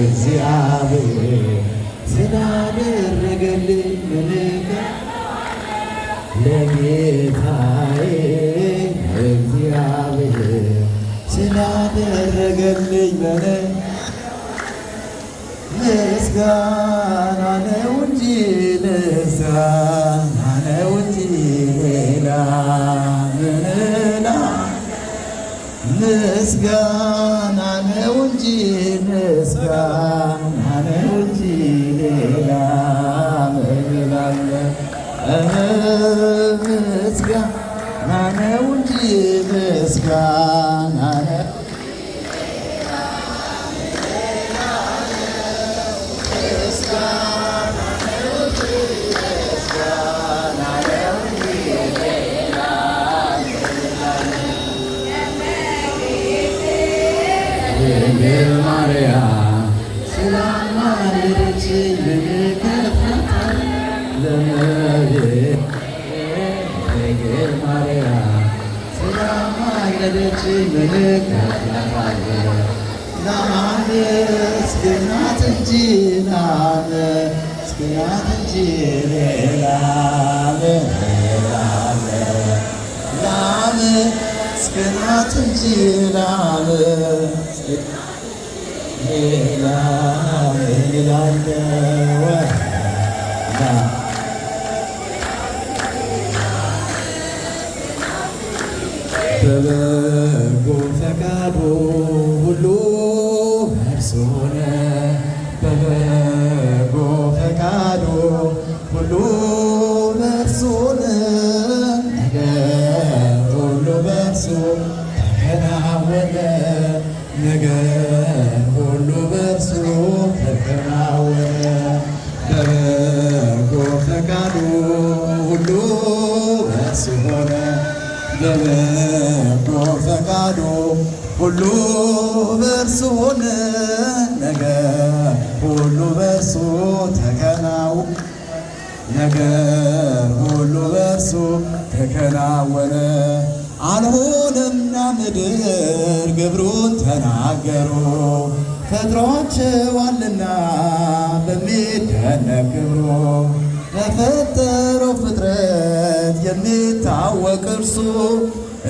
እግዚአብሔር ስላደረገልኝ ነገር ለጌታዬ እግዚአብሔር ስላደረገልኝ ምስጋና ነው እንጂ ምስጋና ነው እንጂ ሌላ ምስጋና ነው እንጂ ምስጋና በልጅ ምልክት ለአመስግናት እንጂ ለአመስግናት እንጂ ለአመስግናት እንጂ ለአመስግናት እንጂ ሁሉ በእርሱ ነው፣ ነገር ሁሉ በእርሱ ተከናወነ፣ ነገር ሁሉ በእርሱ ተከናወነ። በበጎ ፈቃዱ ሁሉ በእርሱ ሆነ፣ በበጎ ፈቃዱ ሁሉ በእርሱ ሆነ፣ ነገር ሁሉ በእርሱ ተከናወነ። ነገር ሁሉ በእርሱ ተከናወነ። አልሆነና ምድር ግብሩን ተናገሩ ፈጥሯቸዋልና በሚደነቅ ክብሩ በፈጠረው ፍጥረት የሚታወቅ እርሱ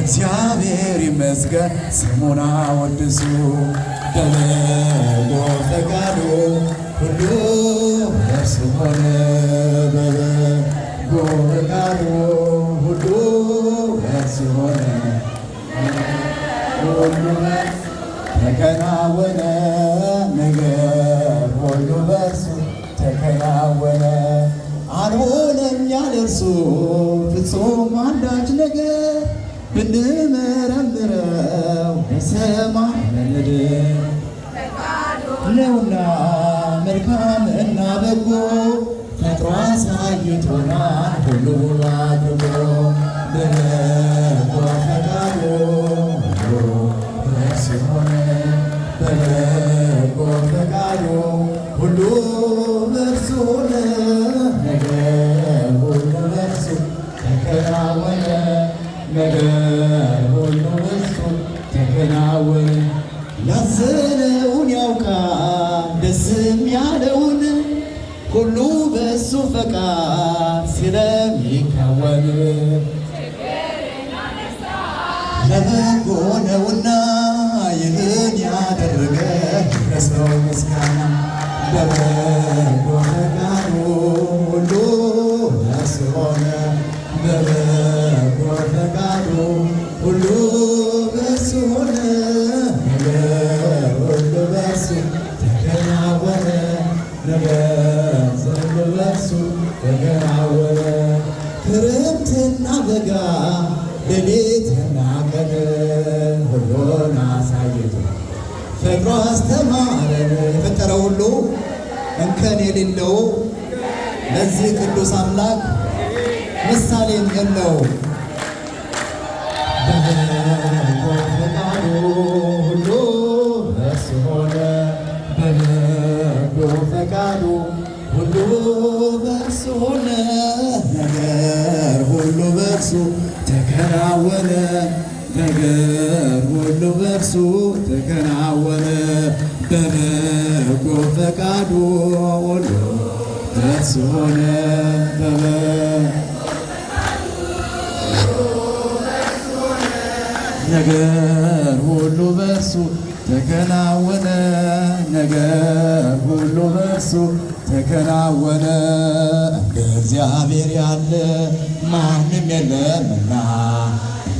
እግዚአብሔር ይመስገን ስሙን አወድሱ በበጎ ፈቃዱ ሁሉ ስለሆነ በበጎ ሁሉ ስለሆነ ሁሉ ተከናወነ ነገር ሁሉ በእርሱ ተከናወነ። አልሆነም ያለ ፍጹም አንዳች ነገር ብንመረምረው በሰማይ በምድር ነውና መልካም በጎ ፈጥሮ አሳይቶናል ሁሉ አድርጎ በበጎ ፈቃዱ ሁሉ ደስ በበጎ ፈቃዱ ሁሉ በእርሱ ተከናወነ ነገር ሁሉ በእርሱ ተከናወነ ያዘነውን ያውቃል ደስ ያ ሁሉ በሱ ፈቃድ ስለሚከወን ለበጎ ነውና ይህን ያደረገ ለሰው ምስጋና ለበጎ ፈቃድ ስጋ ሌሊትና ቀን ሁሉን አሳይቶ ፈጥሮ አስተማረን። የፈጠረው ሁሉ እንከን የሌለው ለዚህ ቅዱስ አምላክ ምሳሌ የለው። ተከናወነ በበጎ ፈቃዱ ሁሉ ደስ ሆነ በበ ነገር ሁሉ በእርሱ ተከናወነ ነገር ሁሉ በእርሱ ተከናወነ። እንደ እግዚአብሔር ያለ ማንም የለምና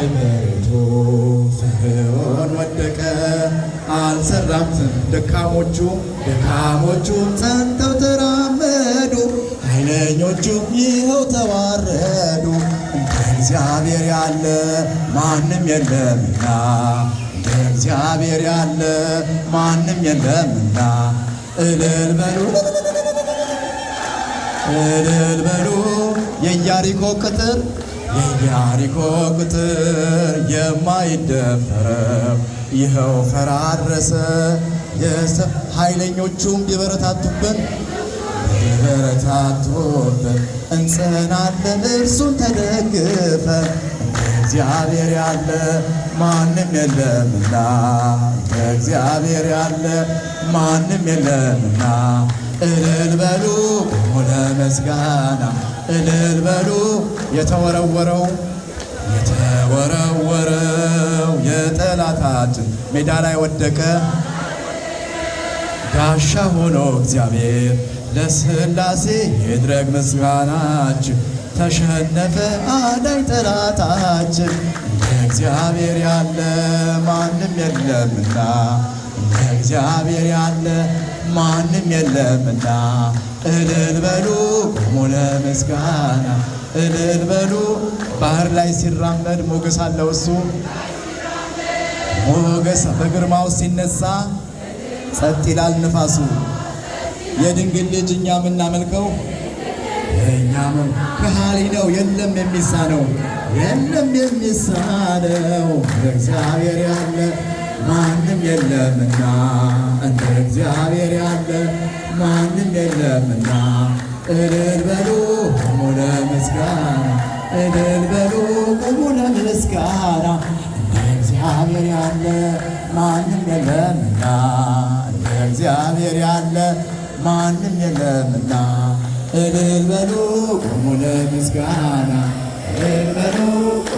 ሃይማኖቱ ፈርዖን ወደቀ፣ አልሰራም። ደካሞቹ ደካሞቹ ጸንተው ተራመዱ፣ ኃይለኞቹ ይኸው ተዋረዱ። እንደ እግዚአብሔር ያለ ማንም የለምና እንደ እግዚአብሔር ያለ ማንም የለምና እልል በሉ እልል በሉ የኢያሪኮ ቅጥር የኢያሪኮ ቅጥር የማይደፈረው ይኸው ፈራረሰ። ኃይለኞቹም ቢበረታቱብን ቢበረታቱበት እንጸናለን እርሱን ተደግፈን እግዚአብሔር ያለ ማንም የለምና እግዚአብሔር ያለ ማንም የለምና እልል በሉ ለመስጋና እልል በሉ የተወረወረው የተወረወረው የጠላታችን ሜዳ ላይ ወደቀ ጋሻ ሆኖ እግዚአብሔር ለስላሴ የድረግ ምስጋናችን። ተሸነፈ አዳኝ ጠላታችን። እግዚአብሔር ያለ ማንም የለምና እግዚአብሔር ያለ ማንም የለምና እልል በሉ ቁሙ ለምስጋና እልል በሉ። ባህር ላይ ሲራመድ ሞገስ አለው እሱ ሞገስ በግርማው ሲነሳ ጸጥ ይላል ንፋሱ። የድንግል ልጅ እኛ ምናመልከው እኛም ከሃሊ ነው የለም የሚሳነው የለም የሚሳነው እግዚአብሔር ያለ ማንም የለምና እንደ እግዚአብሔር ያለ ማንም የለምና፣ እልል በሉ ቁሙ ለምስጋና፣ እልል በሉ ቁሙ ለምስጋና፣ እንደ እግዚአብሔር ያለ ማንም የለምና፣ እንደ እግዚአብሔር ያለ ማንም የለምና፣ እልል በሉ ቁሙ ለምስጋና፣ እልል በሉ